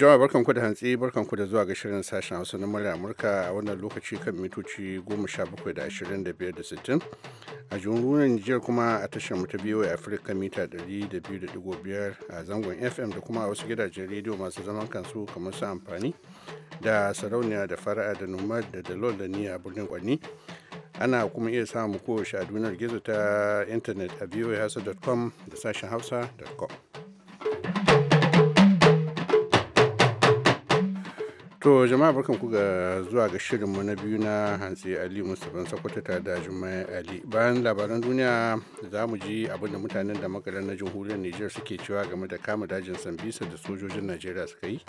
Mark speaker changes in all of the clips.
Speaker 1: Jama'a ku da hantsi ku da zuwa ga shirin sashen Hausa na murya Amurka a wannan lokaci kan mitoci 17.25 da A jirgin jiyar kuma a tashar mu ta a Afirka mita 200.5 a zangon FM da kuma a wasu gidajen rediyo masu zaman kansu kamar su amfani da sarauniya da fara'a da nomad da dalol da niya a birnin Kwanni. Ana kuma iya samu kowace a duniyar gizo ta intanet a voahausa.com da sashen hausa.com. To jama'a barkan ku ga zuwa ga shirinmu na biyu na hantsi Ali Mustapha sakwata ta da jumai Ali. Bayan labaran duniya za mu ji abinda mutanen da makarar na jamhuriyar niger suke cewa game da kama dajin Sambisa da sojojin Najeriya suka yi.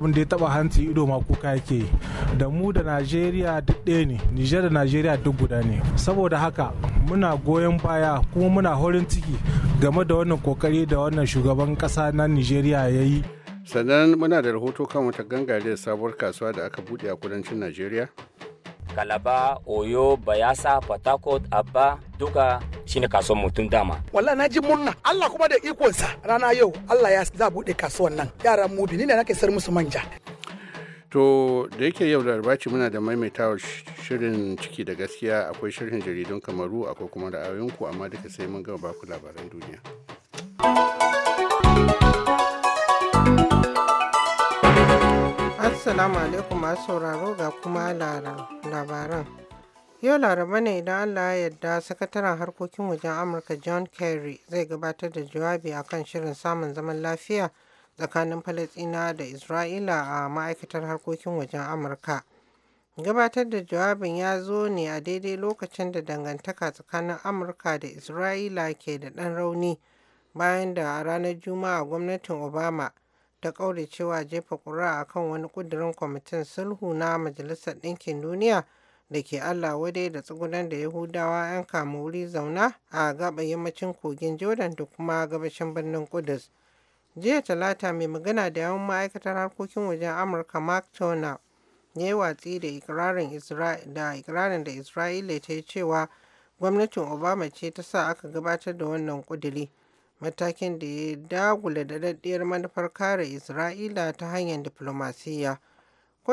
Speaker 2: Abin da ya taba hantsi ido ma kuka yake da mu da Najeriya duk ɗaya ne, niger da Najeriya duk guda ne. Saboda haka muna goyon baya kuma muna horin ciki game da wannan kokari da wannan shugaban kasa na nigeria ya yi.
Speaker 1: sannan muna da rahoto kan wata gangariyar sabuwar kasuwa da aka buɗe
Speaker 3: a kudancin najeriya kalaba oyo bayasa fatakot abba duka shine kasuwar mutum dama
Speaker 4: walla na ji murna allah kuma da ikonsa rana yau allah ya za buɗe kasuwar nan yaran mubi ni ne nake sayar musu manja
Speaker 3: to da
Speaker 1: yake yau da ce muna da maimaitawar shirin ciki da gaskiya akwai shirin jaridun kamaru akwai kuma ra'ayoyinku amma duka sai mun gama baku labaran duniya
Speaker 5: Assalamu alaikum masu sauraro ga kuma labaran. Yau laraba ne idan Allah ya yarda sakataren harkokin wajen Amurka John Kerry zai gabatar da jawabi akan shirin samun zaman lafiya tsakanin Falasina da Isra'ila a ma'aikatar harkokin wajen Amurka. Gabatar da jawabin ya zo ne a daidai lokacin da dangantaka tsakanin Amurka da Isra'ila ke da ɗan rauni bayan da a ranar Juma'a gwamnatin Obama ta cewa jefa a kan wani ƙudirin kwamitin sulhu na majalisar ɗinkin duniya da ke allah wadai da tsugunan da yahudawa 'yan wuri zauna a gaba yammacin kogin jordan da kuma gabashin birnin kudus jiya talata mai magana da yawan ma'aikatar harkokin wajen amurka mark tona ya yi watsi da ikirarin da isra'ila ta yi cewa gwamnatin obama ce ta sa aka gabatar da wannan kuduri matakin da ya dagula daɗaɗɗiyar manufar kare Isra'ila ta hanyar diflomasiyya.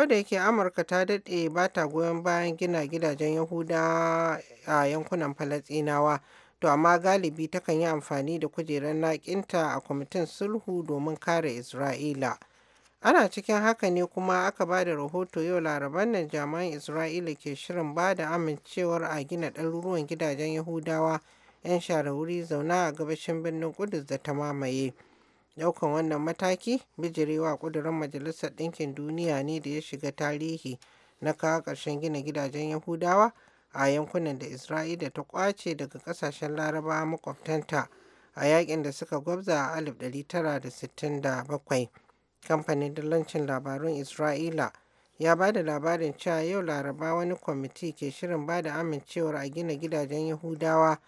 Speaker 5: da yake amurka ta daɗe ba ta goyon bayan gina gidajen yahuda a yankunan falasinawa to amma galibi takan yi amfani da kujerar naƙinta a kwamitin sulhu domin kare isra'ila ana cikin haka ne kuma aka ba da rahoto yau laraban nan jami'an isra'ila ke shirin ba da amincewar a gina ɗaruruwan gidajen yahudawa 'yan shara wuri zauna a gabashin birnin Kudus da ta mamaye. Daukan wannan mataki bijirewa kudurin Majalisar Ɗinkin Duniya ne da ya shiga tarihi na kawo ƙarshen gina gidajen Yahudawa a yankunan da Isra'ila ta ƙwace daga ƙasashen Larabawa makwabtanta a yakin da suka gwabza a 1967. Kamfanin dillancin labarun Isra'ila ya ba da labarin cewa yau Laraba wani kwamiti ke shirin ba da amincewar a gina gidajen Yahudawa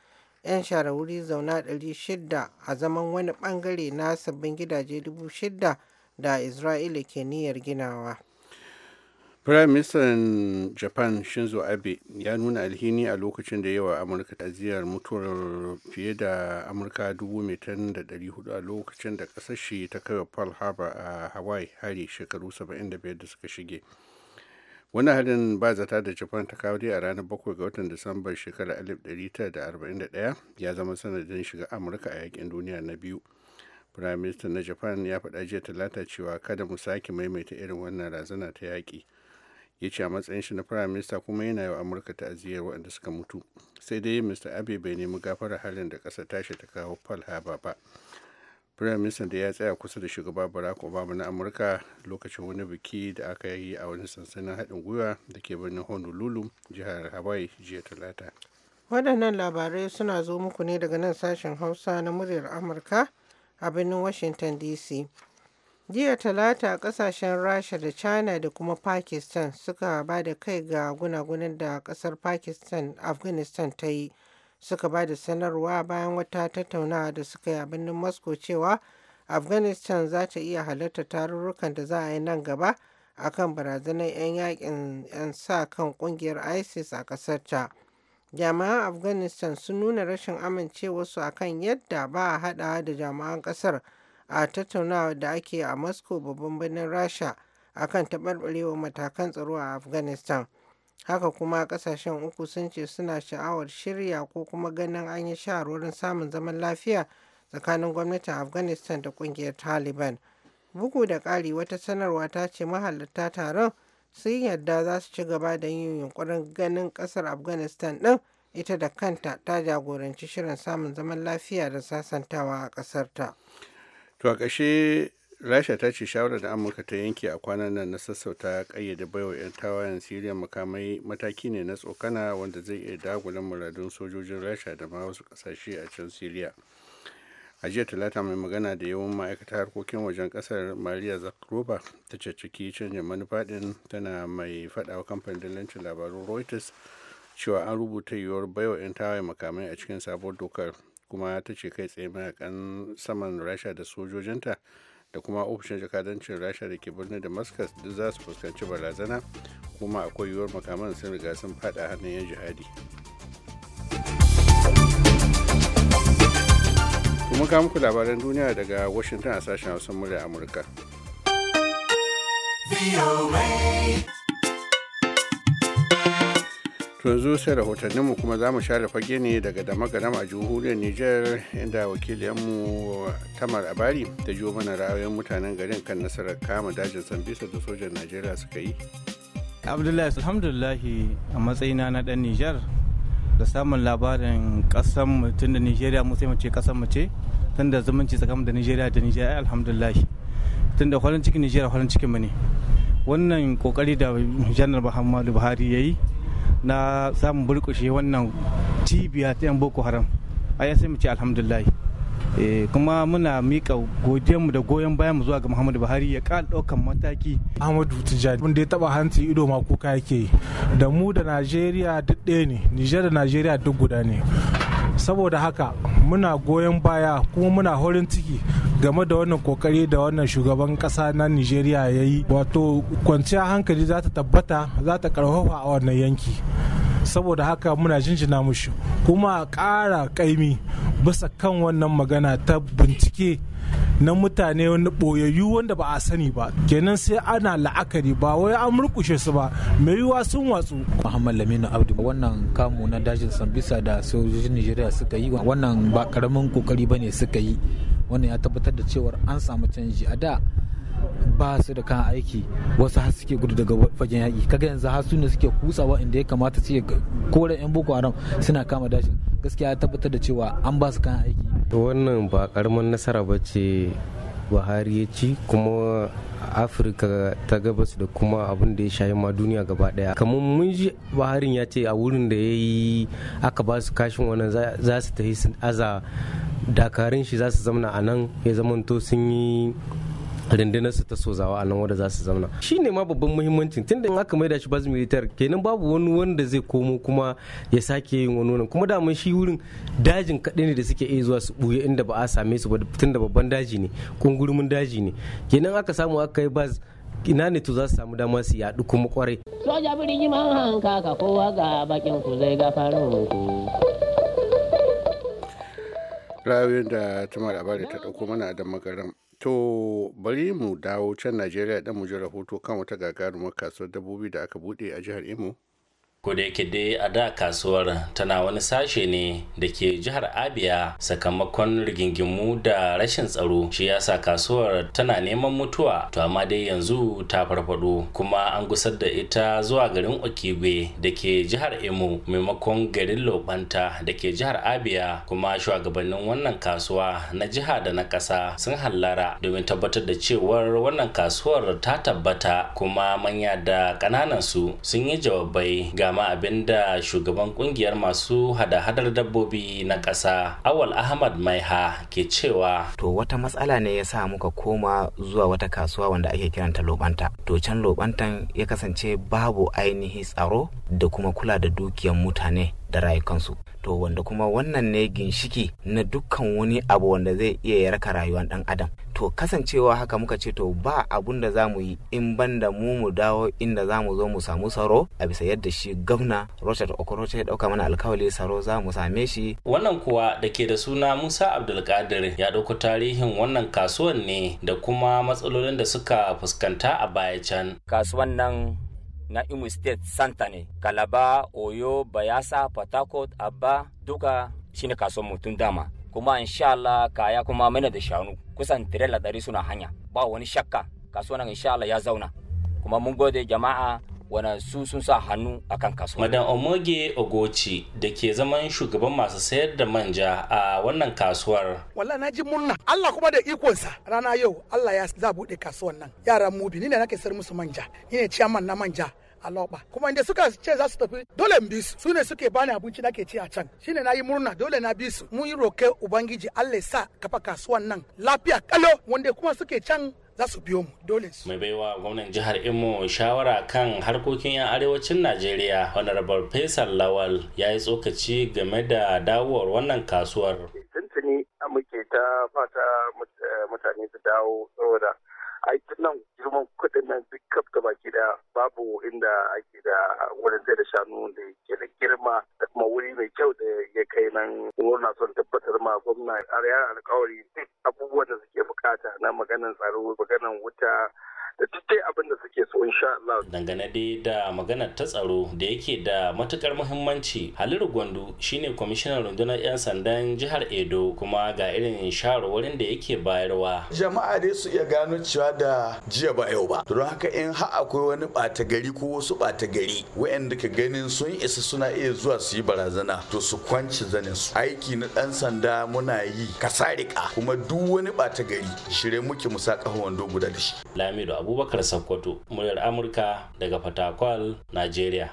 Speaker 5: 'yan shara wuri zauna 600 a zaman wani bangare na sabbin gidaje 6,000 da isra'ila ke niyyar ginawa
Speaker 1: Prime Minister Japan Shinzo Abe ya nuna alhini a lokacin da yawa Amurka ziyar mutuwar fiye da Amurka 1,400 a lokacin da kasashe ta kai Pearl Harbor a Hawaii hari shekaru 75 da suka shige. wani halin ba zata da japan ta kawo a ranar 7 ga watan disambar shekarar 1941 ya zama sanadin shiga amurka a yakin duniya na biyu prime minister na japan ya faɗa jiya talata cewa kada mu sake maimaita irin wannan razana ta yaƙi ya ce a matsayin shi na prime minister kuma yana wa amurka ta'aziyyar waɗanda suka mutu sai dai mr abe bai nemi gafara halin da ƙasa tashi ta kawo pearl harbor ba Prime Minister da ya tsaya kusa da shugaba Barack Obama na Amurka lokacin wani biki da aka yi a wani sansanin haɗin gwiwa da ke birnin Honolulu, jihar Hawaii jiya Talata.
Speaker 5: Waɗannan labarai suna zo muku ne daga nan sashen Hausa na muryar Amurka a birnin Washington DC. Jiya Talata ƙasashen Rasha da China da kuma Pakistan suka ba da kai ga gunagunan da ƙasar Pakistan Afghanistan ta yi. suka ba da sanarwa bayan wata tattaunawa da suka yi a birnin moscow cewa afghanistan za ta iya halarta tarurrukan da za a yi nan gaba a kan barazanar 'yan yakin 'yan sa kan kungiyar isis a ƙasar ta jami'an afghanistan sun nuna rashin amincewarsu akan yadda ba a hada da jami'an ƙasar a tattaunawa da ake a moscow babban birnin rasha akan taɓarɓarewa matakan tsaro a afghanistan Haka kuma kasashen uku sun ce suna sha'awar shirya ko kuma ganin an yi shawarwarin samun zaman lafiya tsakanin gwamnatin Afghanistan da kungiyar Taliban. Bugu da ƙari wata sanarwa ta ce mahalarta taron sun yarda za su ci gaba da yin yunkurin ganin ƙasar Afghanistan ɗin ita da kanta ta jagoranci shirin samun zaman lafiya da sasantawa a ƙasarta.
Speaker 1: To a ƙashe rasha ta ce shawarar da amurka ta yanke a kwanan nan na sassauta kayyade baiwa 'yan tawayen siriya makamai mataki ne na tsokana wanda zai iya dagulan muradun sojojin rasha da ma wasu kasashe a can siriya a jiya talata mai magana da yawan ma'aikatar harkokin wajen kasar maria zakharova ta ciki canjin manufa din tana mai faɗa wa kamfanin dalancin labarun reuters cewa an rubuta yiwuwar baiwa 'yan tawayen makamai a cikin sabuwar dokar kuma ta ce kai tsaye mayakan saman rasha da sojojinta da kuma ofishin jakadancin rasha da ke birnin damascus duk za su fuskanci barazana kuma akwai yiwuwar makaman sun riga sun fada hannun yan jihadi kuma kawo muku labaran duniya daga washington a sashen hausa murya amurka tun zo sai rahotanninmu kuma za mu share fage ne daga dama gadam a jamhuriyar niger inda wakiliyanmu tamar abari ta jiwo mana ra'ayoyin mutanen garin kan nasarar kama dajin sambisa da sojan najeriya suka yi
Speaker 6: abdullahi alhamdulillahi a matsayina na dan niger da samun labarin kasan mutum da nigeria mu sai mu ce kasan mu ce tun da zumunci tsakanin da nigeria da nigeria alhamdulillahi tun da farin cikin nigeria farin cikin mu ne wannan kokari da janar muhammadu buhari ya yi na samun burkushe wannan cibiya ta yan boko haram a yasa mace mu ce eh, kuma muna mika godiyarmu da goyon bayan mu zuwa ga Muhammadu Buhari ya ƙara ɗaukan mataki. Ahmadu Tijjani
Speaker 2: wanda ya taɓa hanci ido ma kuka yake da mu da Najeriya duk ɗaya ne, Nijar da Najeriya duk guda ne. saboda haka muna goyon baya kuma muna horin ciki game da wannan kokari da wannan shugaban kasa na nigeria ya yi wato kwanciya hankali za ta tabbata za ta karfafa a wannan yanki saboda haka muna jinjina mushi kuma ƙara kaimi bisa kan wannan magana ta bincike na mutane wani boyayyu wanda ba a sani ba kenan sai ana la'akari ba wai an murkushe su ba
Speaker 7: mai yiwuwa sun watsu muhammad lamina abdu wannan kamu na dajin sambisa da sojojin nigeria suka yi wannan ba karamin kokari ne suka yi wannan ya tabbatar da cewar an samu canji a da ba su da kan aiki wasu har suke gudu daga fagen yaƙi kaga yanzu har su ne suke kutsawa inda ya kamata su kore yan boko haram suna kama dashin gaskiya ya tabbatar da cewa an ba su kan aiki
Speaker 4: wannan ba karamin nasara ba ce buhari ya ci kuma afirka ta gabas da kuma abin da ya shayi ma duniya gaba daya kamar mun ji buharin ya ce a wurin da ya yi aka ba su kashin wannan za su ta yi aza dakarun shi za su zamana a nan ya zamanto sun yi
Speaker 3: rundunarsu ta sozawa a nan wanda za su zauna
Speaker 4: shi ne ma babban muhimmancin tunda in aka maida shi bas militar kenan babu wani wanda zai komo kuma ya sake yin wani nan kuma daman shi wurin dajin kaɗai ne da suke iya zuwa su buye inda ba a same su ba tunda babban daji ne kungurumin daji ne kenan aka samu aka yi bas ina ne to za su samu dama su yaɗu kuma kwarai.
Speaker 5: soja birnin yi hanka ka kowa ga bakin ku zai gafarin ku.
Speaker 1: rayuwar da tumar abari ta ɗauko mana da magaran To bari mu dawo can Najeriya dan mu ji rahoto kan wata gagarumar kasuwar dabbobi da aka
Speaker 3: bude a jihar Imo. yake dai a da kasuwar tana wani sashe ne da ke jihar abia sakamakon rigingimu da rashin tsaro shi yasa kasuwar tana neman mutuwa to amma dai yanzu ta farfado kuma an gusar da ita zuwa garin okigwe da ke jihar emo maimakon garin lobanta da ke jihar abia kuma shugabannin wannan kasuwa na jiha da na ƙasa sun hallara domin tabbatar da cewar wannan kasuwar ta tabbata kuma manya da ƙananan su sun yi jawabai ga ma abin da shugaban kungiyar masu hada-hadar dabbobi na ƙasa awal ahmad maiha ke cewa to wata matsala ne ya sa muka
Speaker 7: koma zuwa wata kasuwa wanda ake kiranta lobanta to can lobantan ya kasance babu ainihi tsaro da kuma kula da dukiyar mutane da rayukansu to wanda kuma wannan ne ginshiki na dukkan wani abu wanda zai iya yarka rayuwar dan adam to kasancewa haka muka ce to ba abun da za mu yi in banda mu mu dawo inda za mu zo mu
Speaker 3: samu saro a bisa yadda shi gwamna Rochard Okorocha ya dauka mana alkawali saro za mu same shi wannan kuwa da ke da suna Musa Abdulkadir ya dauko tarihin wannan kasuwan ne da kuma matsalolin da suka fuskanta a baya can kasuwan nan na Imo State Santa ne Kalaba Oyo Bayasa Port Harcourt Abba duka shine kasuwan mutum dama kuma insha Allah kaya kuma mana da shanu kusan tirela ɗari suna hanya ba wani shakka kasuwan insha Allah ya zauna kuma mun gode jama'a wana su sun sa hannu akan kasuwa. Madan Omoge Ogochi da ke zaman shugaban masu sayar da manja a wannan kasuwar. Wallahi na ji murna. Allah kuma da ikonsa rana yau
Speaker 4: Allah ya za buɗe kasuwan nan. Yaran mubi ni ne nake sayar musu manja. Ni ne ciyaman na manja. a kuma inda suka ce za su tafi dole in bi su su ne suke bani abinci da ke ci a can shine na yi murna dole na bi su mun yi roke ubangiji Allah sa kafa kasuwan nan lafiya kalo wanda kuma suke can za su biyo mu dole
Speaker 3: su. Mai baiwa gwamnan jihar Imo shawara kan harkokin 'yan arewacin Najeriya Honorable Faisal Lawal ya yi tsokaci game da dawowar wannan kasuwar.
Speaker 2: Tuntuni muke ta fata eh, mutane su dawo saboda ai nan girman kuɗin nan duk kaf da baki da babu inda
Speaker 7: ake da wurin sai da shanu da ke da girma da kuma wuri mai kyau da ya kai nan wurin son tabbatar ma gwamna arya alkawari duk abubuwan da suke bukata na maganan tsaro maganan wuta da duk
Speaker 3: dai abin da suke so insha Allah dangane dai da maganar ta tsaro da yake da matukar muhimmanci Haliru Gwandu shine kwamishinan rundunar yan sandan jihar Edo kuma ga irin shawarwarin da yake bayarwa
Speaker 7: jama'a dai su iya gano cewa da jiya ba yau ba don haka in har akwai wani bata gari ko wasu bata gari da ka ganin sun isa suna iya zuwa su yi barazana to su kwanci zanin su
Speaker 3: aiki na dan sanda muna yi kasarika kuma duk wani bata gari shirye muke mu sa kahon wando guda da shi Lamido Abubakar Sakkwato muryar amurka daga fatakwal nigeria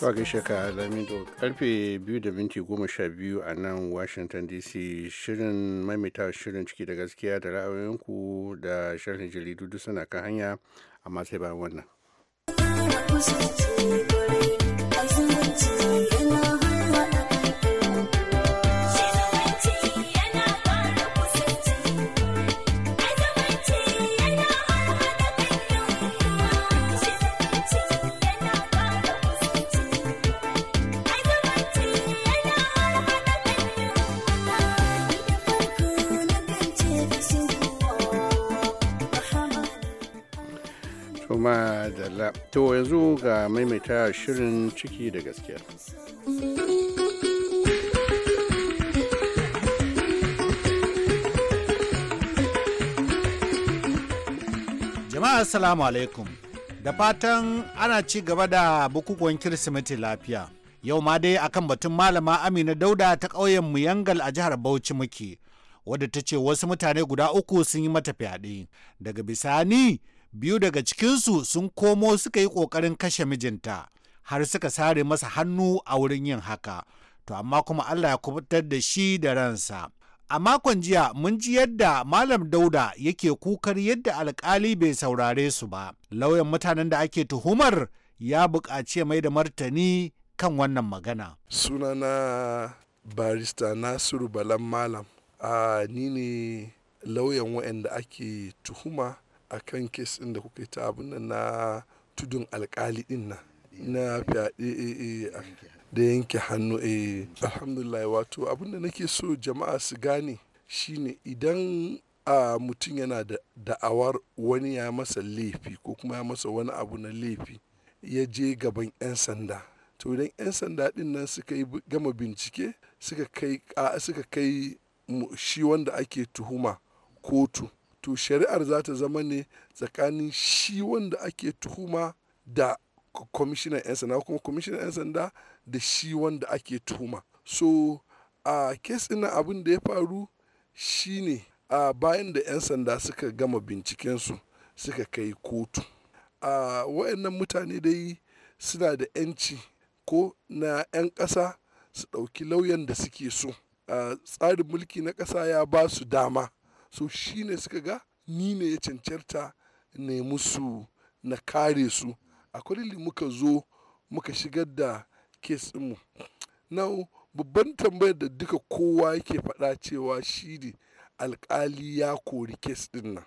Speaker 1: Kwa gaishe ka Lamido karfe 2 da minti biyu a nan Washington DC shirin maimaita shirin ciki da gaskiya da ra'ayoyinku da sharhin jaridu duk suna kan hanya amma sai bayan wannan. to yanzu ga maimaita shirin ciki da gaskiya
Speaker 6: jama'a assalamu alaikum da fatan ana ci gaba da bukukuwan kirsimeti lafiya yau ma dai akan batun malama amina dauda ta ƙauyen yangal a jihar bauchi muke wadda ta ce wasu mutane guda uku sun yi mata fyaɗe daga bisani biyu daga cikinsu sun komo suka yi ƙoƙarin kashe mijinta har suka sare masa hannu a wurin yin haka to amma kuma Allah ya kubutar da shi da ransa a makon jiya mun ji yadda malam dauda yake kukar yadda alkali bai saurare su ba lauyan mutanen da ake tuhumar ya buƙaci mai da martani kan wannan magana
Speaker 8: sunana barista nasiru balan malam a ah, ni ne lauyan waɗanda ake tuhuma a kan kes ɗin da kuka yi ta abin nan na tudun alkali ɗin nan na fyaɗe eh, eh, eh, da yanke hannu eh alhamdulillah wato abin da nake so jama'a su gane shine idan a mutum yana da da'awar wani ya masa laifi ko kuma ya masa wani abu na laifi ya je gaban 'yan sanda to idan 'yan sanda din nan suka yi gama bincike suka kai suka kai shi wanda ake tuhuma kotu to shari'ar za ta zama ne tsakanin shi wanda ake tuhuma da kwamishinan 'yan sanda kuma kwamishinan 'yan sanda da shi wanda ake tuhuma so a kes abin da ya faru shi ne a bayan da 'yan sanda suka gama bincikensu suka kai kotu a wayannan mutane dai suna da 'yanci ko na 'yan ƙasa su ɗauki lauyan da suke so A tsarin mulki na ƙasa ya ba su dama so shi ne suka ga ni ne ya cancanta ne musu na kare su a kwalili muka zo muka shigar da kes mu na babban tambayar da duka kowa yake faɗa cewa shi ne alkali ya kori kes ɗin nan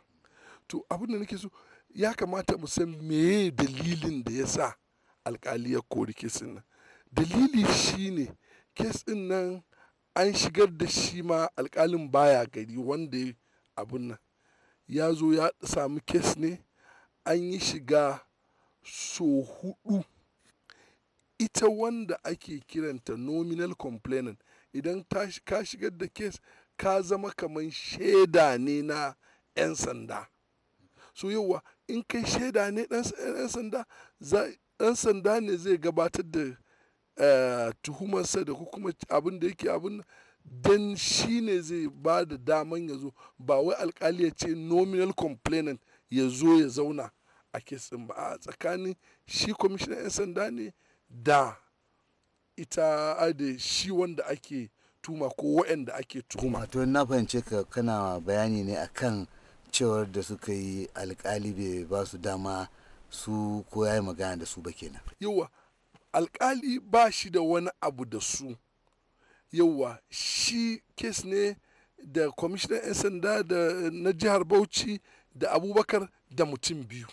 Speaker 8: to abin da nake so ya kamata mu san meye dalilin da ya sa alkali ya kori kes ɗin nan dalili shi ne kes ɗin nan an shigar da shi ma alkalin baya gari wanda abin nan ya zo ya samu kes ne an yi shiga so hudu ita wanda ake kiranta nominal complainant idan ka shigar da kes ka zama kamar shaida ne na 'yan sanda so yauwa in kai shaida ne ɗan sanda ɗan sanda ne zai gabatar da eh, tuhumarsa da kuma abin da yake abin dan shi ne zai ba da daman ya zo ba wai alkali ya ce nominal complainant ya zo ya zauna a kesin ba a tsakanin shi kwamishinan 'yan sanda ne da ita da shi wanda ake tuma ko waɗanda ake tuma.
Speaker 7: to na
Speaker 4: fahimce ka kana bayani ne akan cewar da suka yi alkali bai ba su dama su ko ya yi magana da su ba kenan.
Speaker 8: yawa alkali ba shi da wani abu da su yauwa shi kes ne da kwamishinan 'yan sanda da na jihar bauchi da abubakar da mutum biyu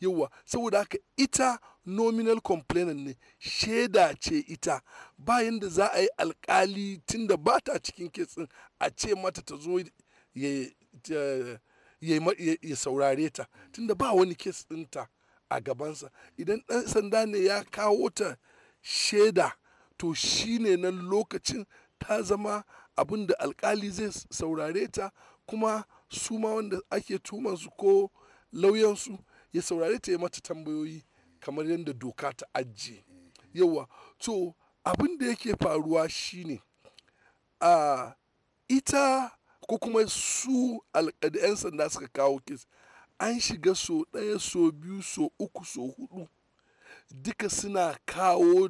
Speaker 8: yauwa saboda haka ita nominal complainant ne shaida ce ita bayan da za a yi alkali tun da ba ta cikin kesin a ce mata ta zo ya saurare ta tun da ba wani kes ɗinta a gabansa idan ɗan sanda ne ya kawo ta shaida to shine nan lokacin ta zama abin da alkali zai saurare ta kuma su ma wanda ake tumansu ko lauyansu ya saurare ta ya mata tambayoyi kamar yadda doka ta ajiye yawa to abin da yake faruwa shine a ita ko kuma su da 'yan sanda suka kawo kes an shiga so ɗaya so biyu so uku so hudu duka suna kawo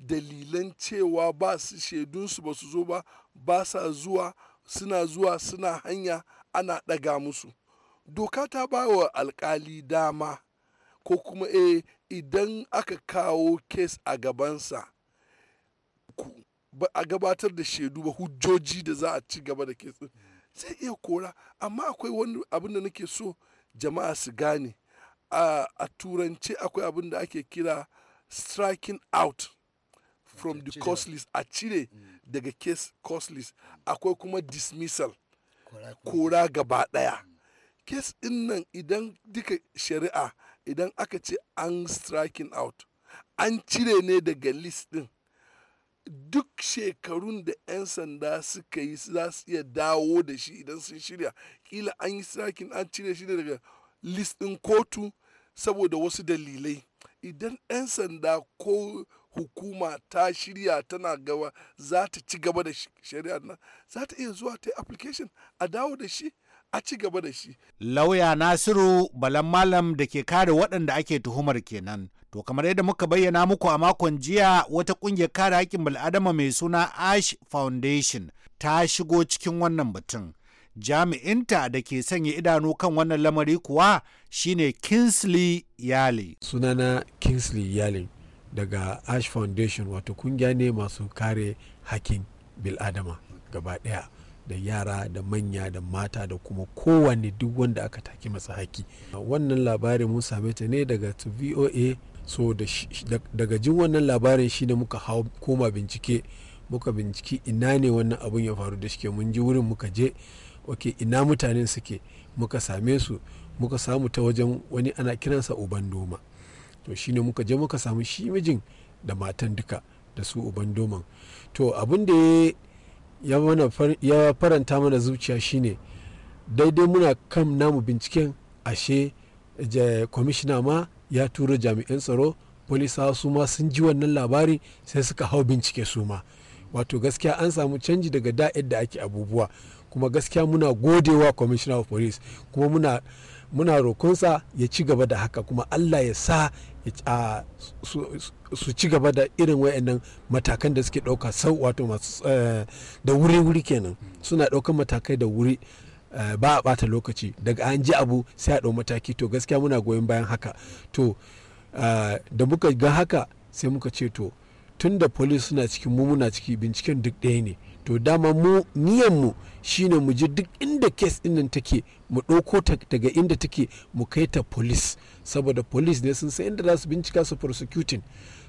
Speaker 8: dalilan cewa ba su shaidunsu ba su zo ba ba sa zuwa suna zuwa suna hanya ana ɗaga musu doka ta ba wa alkali dama ko kuma e idan aka kawo kes a gabansa a gabatar da shaidu ba hujjoji da za a ci gaba da kes sai iya kora amma akwai wani abin da nake so jama'a su gane a turance akwai abin da ake kira striking out from the cost list a cire mm. daga case cost list akwai kuma dismissal kora gaba daya kes mm. din nan idan duka shari'a idan aka ce an striking out an cire ne daga list din duk shekarun da 'yan sanda suka yi za su iya dawo da shi idan sun shirya kila an yi striking an cire shi daga list din kotu saboda wasu dalilai idan 'yan sanda ko hukuma ta shirya tana gaba za ta ci gaba da shari'a, nan za ta iya zuwa ta yi application a dawo da shi a ci gaba da shi.
Speaker 6: Lauya Nasiru Balan Malam da ke kare waɗanda ake tuhumar kenan. To kamar yadda muka bayyana muku a makon jiya wata ƙungiyar kare haƙƙin bil'adama mai suna Ash Foundation ta shigo cikin wannan batun. Jami'inta da ke sanya idanu kan wannan lamari kuwa shine
Speaker 7: Kingsley Yale. Sunana Kingsley Yale. daga ash foundation wato kungiya ne masu kare hakkin biladama gaba daya da yara da manya da mata da kuma kowane duk wanda aka take masa haki wannan labarin mun same ta ne daga voa so daga jin wannan labarin shine muka hau koma bincike muka binciki ina ne wannan abun ya faru da shi mun ji wurin muka je ok ina mutanen suke muka same su muka samu ta wajen wani ana kiransa uban doma to shine muka je muka samu shi mijin da matan duka da su uban doman to abin da ya faranta mana zuciya shine daidai muna kan namu binciken ashe kwamishina ma ya tura jami'an tsaro polisawa su ma sun ji wannan labari sai suka hau bincike su ma wato gaskiya an samu canji daga da'ir da ake abubuwa kuma gaskiya muna godewa kwamishina of police kuma muna muna rokonsa ya ci gaba da haka kuma allah ya sa su ci gaba da irin wayannan matakan da suke ɗauka sau wato eh, da wuri-wuri kenan suna ɗaukan matakai da wuri eh, ba a ɓata lokaci daga an ji abu sai a ɗau mataki to gaskiya muna goyon bayan haka to eh, da muka ga haka sai muka ce to tun da police suna cikin mu muna ciki binciken duk ɗaya ne to dama mu niyanmu shine mu ji duk inda kes din take mu ɗauko ta daga inda take mu kai ta police saboda police ne sun san inda za su bincika su prosecuting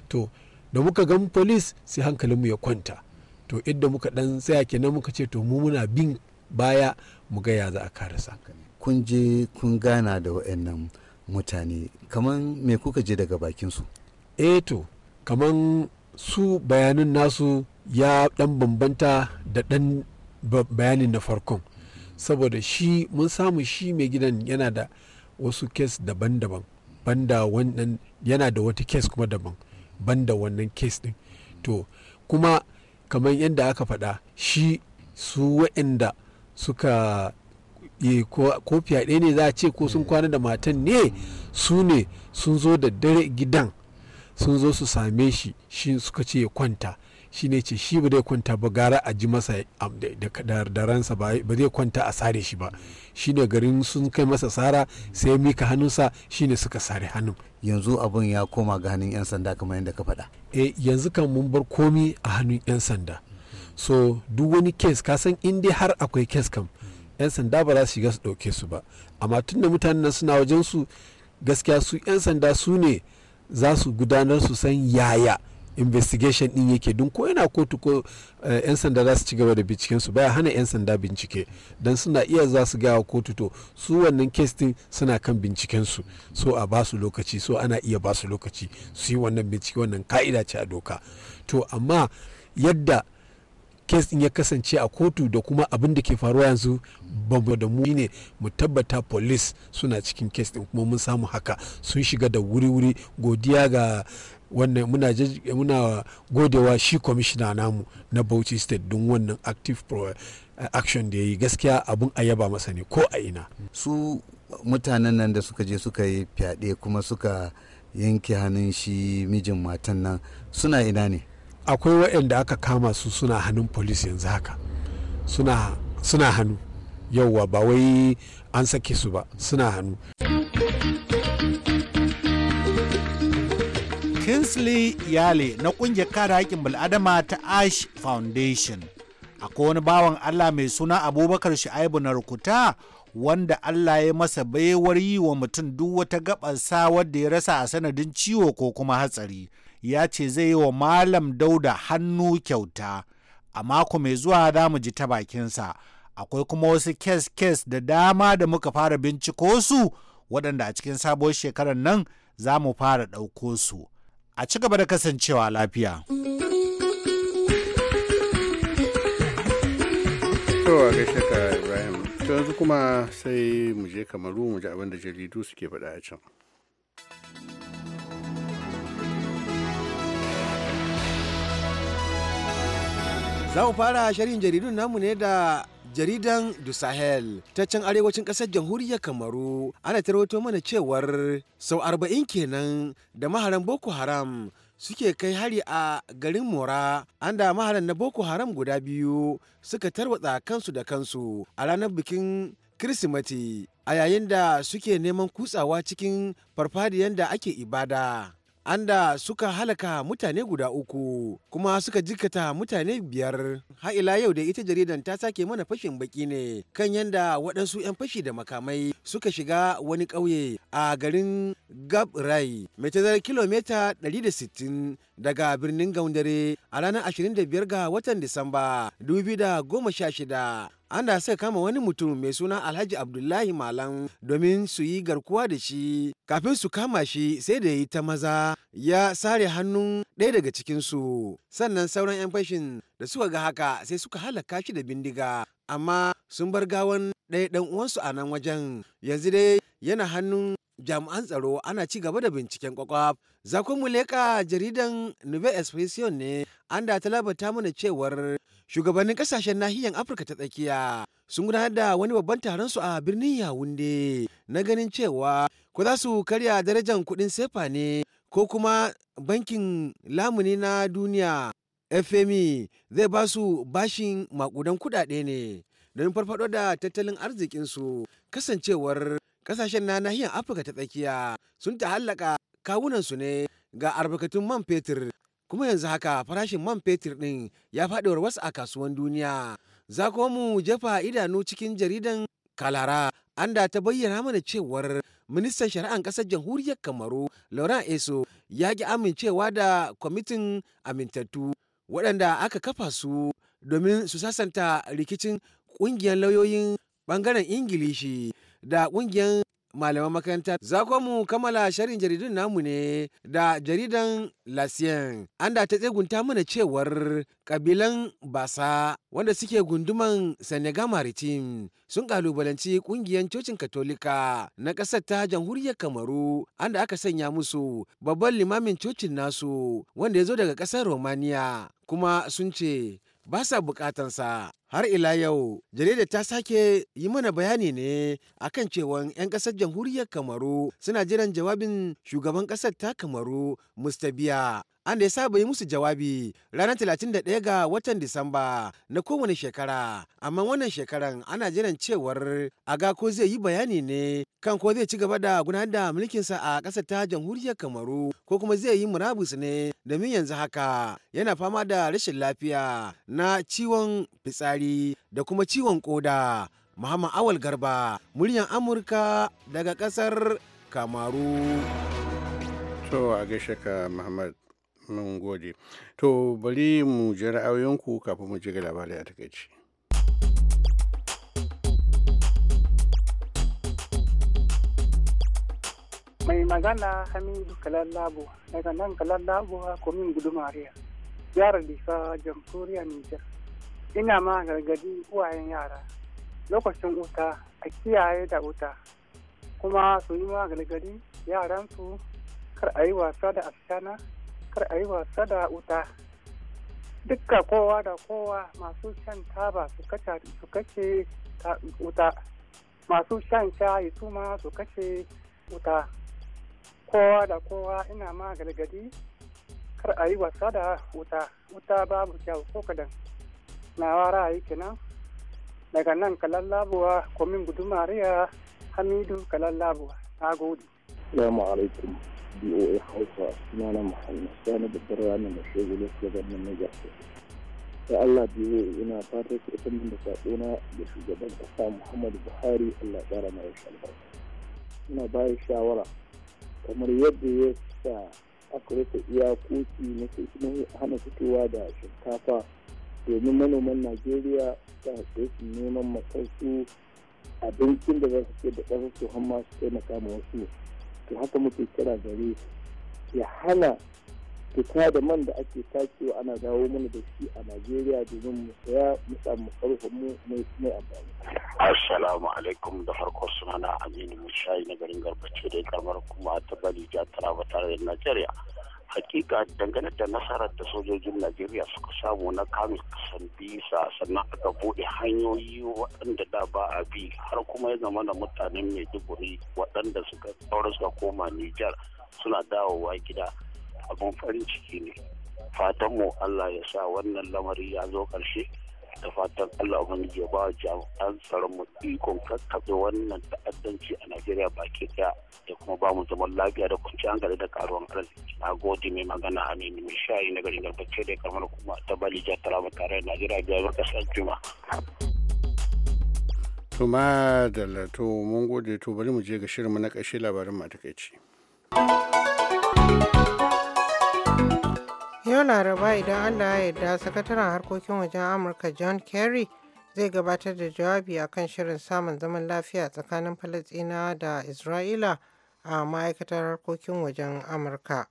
Speaker 7: to da muka gan police sai hankalin mu ya kwanta to inda muka dan tsaya kenan muka ce to mu muna bin baya mu ga ya za a sa kun je kun gana da waɗannan mutane kaman me kuka je daga bakin su eh to kaman su bayanin nasu ya dan bambanta da dan bayanin na farkon saboda shi mun samu shi mai gidan yana da wasu kes daban-daban banda wannan yana da wata kes kuma daban banda wannan kes din to kuma kamar yadda aka faɗa shi su wainda suka yi ko fyaɗe ne za a ce ko sun eh. kwana da matan ne su ne sun zo da dare gidan sun zo su same shi shi suka ce ya kwanta shi ne ce shi ba zai kwanta ba gara a ji masa da ransa ba zai kwanta a sare shi ba shi ne garin sun kai masa sara sai mika hannunsa shi ne suka sare hannun yanzu abun ya koma ga hannun 'yan sanda kamar yadda ka faɗa Eh yanzu kan mun bar komi a hannun 'yan sanda so duk wani kes ka san in dai har akwai kes kam 'yan sanda ba za su shiga su ɗauke su ba amma tun da mutanen nan suna wajen su gaskiya su 'yan sanda su ne za su gudanar su san yaya investigation din yake don ko yana kotu ko eh, yan sanda za su ci gaba da binciken su baya hana yan sanda bincike don suna iya za su gawa kotu to su wannan kes din suna kan binciken su so a ba su lokaci so ana iya ba su lokaci su yi wannan bincike wannan ka'ida ce a doka to amma yadda kes din ya kasance a kotu da kuma abin da ke faruwa yanzu bamu da mu ne mu tabbata police suna cikin kes din kuma mun samu haka sun shiga da wuri-wuri godiya ga wannan muna muna godewa shi kwamishina namu na Bauchi State don wannan active pro, eh, action da ya yi gaskiya abun a yaba masa ne ko
Speaker 4: a ina su mutanen nan da suka je suka yi
Speaker 7: fyaɗe kuma suka yanke hannun shi mijin matan nan suna ina ne akwai waɗanda aka kama su suna hannun polis yanzu haka suna, suna hannu yauwa ba wai an sake su ba suna hannu Kinsley yale na ƙungiyar kare haƙƙin
Speaker 6: bil'adama ta Ash Foundation. Akwai wani bawan Allah mai suna Abubakar Shu'aibu na rukuta wanda Allah ya masa baiwar yi wa mutum duk wata gabarsa wadda ya rasa a sanadin ciwo ko kuma hatsari. Ya ce zai yi wa Malam Dauda hannu kyauta. A mako mai zuwa za mu ji ta bakinsa. Akwai kuma wasu kes-kes da dama da muka fara binciko su waɗanda a cikin sabuwar shekarar nan za mu fara ɗauko su. a ci gaba da kasancewa lafiya.
Speaker 1: To gaishe ka Ibrahim, to yanzu kuma sai mu je kamaru mu ji abin da jaridu suke faɗa a can.
Speaker 4: Za mu fara shirin jaridun namu ne da jaridan du sahel ta can arewacin ƙasar jamhuriyar kamaru ana tarwato mana cewar sau arba'in kenan da maharan boko haram suke kai hari a garin mora an da maharan na boko haram guda biyu suka tarwatsa kansu da kansu a ranar bikin kirsimati a yayin da suke neman kutsawa cikin farfadiyan da ake ibada anda suka halaka mutane guda uku kuma suka jikata mutane biyar ila yau da ita jaridan ta sake mana fashin baki ne kan yanda waɗansu 'yan fashi da makamai suka shiga wani ƙauye a garin rai mai tazarar kilomita 160 daga birnin gaundare a ranar 25 ga watan disamba 2016 An da suka kama wani mutum mai suna alhaji abdullahi malam domin su yi garkuwa da shi kafin su kama shi sai da yi ta maza ya sare hannun ɗaya daga cikinsu sannan sauran 'yan fashin da suka ga haka sai suka halaka shi da bindiga amma sun bar gawan ɗaya ɗan uwansu a nan wajen yanzu dai yana hannun jami'an tsaro ana ci gaba da binciken kwakwaf zakon muleka jaridan nouvelle expression ne an da talabata mana cewar shugabannin kasashen nahiyar afirka ta tsakiya sun gudanar da wani babban taron su a birnin yawunde na ganin cewa ko za su karya darajar kuɗin sefa ne ko kuma bankin lamuni na duniya fmi e, zai ba su bashin makudan kudade ne don farfaɗo da tattalin arzikinsu kasancewar kasashen na nahiyar afirka ta tsakiya sun ta hallaka su ne ga albarkatun man fetur kuma yanzu haka farashin man fetur ɗin ya faɗiwar wasu a kasuwan duniya. Za kuma mu jefa idanu cikin jaridan Kalara anda ta bayyana mana cewar ministan shari'an ƙasar jamhuriyar Kamaru Laurent Eso ya ki amincewa da kwamitin amintattu waɗanda aka kafa su domin su sasanta rikicin ƙungiyar lauyoyin ɓangaren Ingilishi da ƙungiyar malaman makaranta. Za mu kammala shirin jaridun namu ne da jaridan lasien An da ta tsegunta mana cewar kabilan Basa wanda suke gunduman Senegal Maritim sun kalubalanci kungiyan cocin Katolika na ƙasar ta jamhuriyar Kamaru an da aka sanya musu babban limamin cocin nasu wanda ya zo daga ƙasar Romania kuma sun ce ba sa bukatansa har ila yau jarida ta sake yi mana bayani ne akan cewa 'yan kasar jamhuriyar kamaru suna jiran jawabin shugaban kasar ta kamaru mustabiya an da ya saba yi musu jawabi ranar talatin da ɗaya ga watan Disamba na kowane shekara. Amma wannan shekaran ana jiran cewar aga ko zai yi bayani ne kan ko zai ci gaba da gudanar da mulkinsa a ƙasar ta jamhuriyar Kamaru ko kuma zai yi murabus ne domin yanzu haka yana fama da rashin lafiya na ciwon fitsari da kuma ciwon koda. Muhammad Awal Garba, muryan Amurka daga ƙasar Kamaru.
Speaker 1: To a gaishe ka Muhammad Mun gode. To bari mu ji ra'ayoyinku kafin mu ji ga labarai a takaici.
Speaker 6: Mai magana Hamidu Kalallabo daga nan Kalallabo a Komin Gudumariya, yara Lisa, Jamhuriyar Nijar. Ina ma gargadi uwayen yara lokacin wuta a kiyaye da wuta kuma su yi ma gargadi yaransu kar a yi wasa da asana kar a yi wasa da wuta dukka kowa da kowa masu shan taba su kace wuta masu shan shayi su ma su kace wuta kowa da kowa ina ma galgadi kar a yi wasa da wuta wuta babu kyau ko kadan nawa yi kenan daga nan kalan labuwa komin gudumariya hamidu kalan labuwa na gode.
Speaker 2: alaikum. BOA Hausa suna na Muhammad Sani babbar rana mai shego lokacin na Niger ya Allah biyu ina fatan ku ita min da saƙona da shugaban ƙasa Muhammadu Buhari Allah ƙara mai albarka. Ina bayan shawara kamar yadda ya sa aka rufe iyakoki na hana fitowa da shinkafa domin manoman Najeriya ta haɗe su neman matsarsu abincin da za su ce da ƙasar su hamma su taimaka ma wasu. to haka muke kira gare ya hana fita da man da ake tacewa ana dawo mana da shi a najeriya domin mu saya mu samu karfin mu mai amfani
Speaker 3: assalamu alaikum da farko sunana aminu mushayi na garin garbace da karmar kuma ta bali ja taraba tare da najeriya hakika dangane da nasarar da sojojin najeriya suka samu na kamun kasan bisa sannan aka bude hanyoyi waɗanda da ba a bi har kuma ya zama da mutanen maiduguri waɗanda suka sauran suka koma nijar suna dawowa gida abin farin ciki ne fatanmu allah ya sa wannan lamari ya zo ƙarshe da fatan Allah ubangiji ya ba jami'an tsaron mu ikon kakkaɓe wannan ta'addanci a Najeriya baki daya da kuma ba mu zaman lafiya da kwanciyar hankali da karuwan arziki na gode mai magana a nemi mai shayi na garin garbace da kamar kuma ta bali ja taraba tare da Najeriya biyar maka san juma.
Speaker 1: To ma da mun gode to bari mu je ga shirin mu na ƙarshe labarin matakaici.
Speaker 5: Yau Laraba idan Allah ya yarda sakataren harkokin wajen Amurka John Kerry zai gabatar da jawabi akan shirin samun zaman lafiya tsakanin Falasɗinawa da Isra'ila a ma'aikatar harkokin wajen Amurka.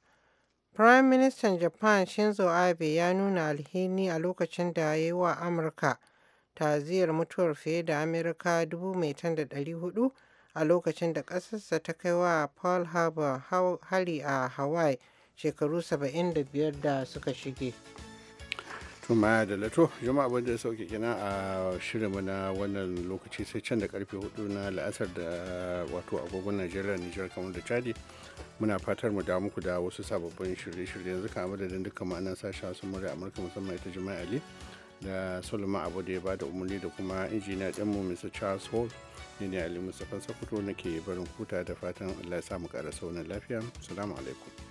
Speaker 5: Prime Minister Japan Shinzo Abe ya nuna alhini a lokacin da ya yi wa Amurka taziyar mutuwar fiye da dubu Amerika 1,400 a lokacin da ƙasarsa ta kai wa Pearl Harbor hari a Hawaii shekaru 75 da suka shige.
Speaker 1: tuma da lato juma'a abin ya sauke kina a shirinmu na wannan lokaci sai can da karfe hudu na la'asar da wato agogon najeriya nijar kamar da chadi muna fatar mu da muku da wasu sababbin shirye-shirye yanzu kama madadin dukkan ma'anar sashen wasu murya amurka musamman ita juma'a ali da solomon abu da ya da umarni da kuma injiniya ɗinmu mr charles hall ne ne ali mustapha sakuto nake barin kuta da fatan allah ya samu ƙara saunan lafiya salamu alaikum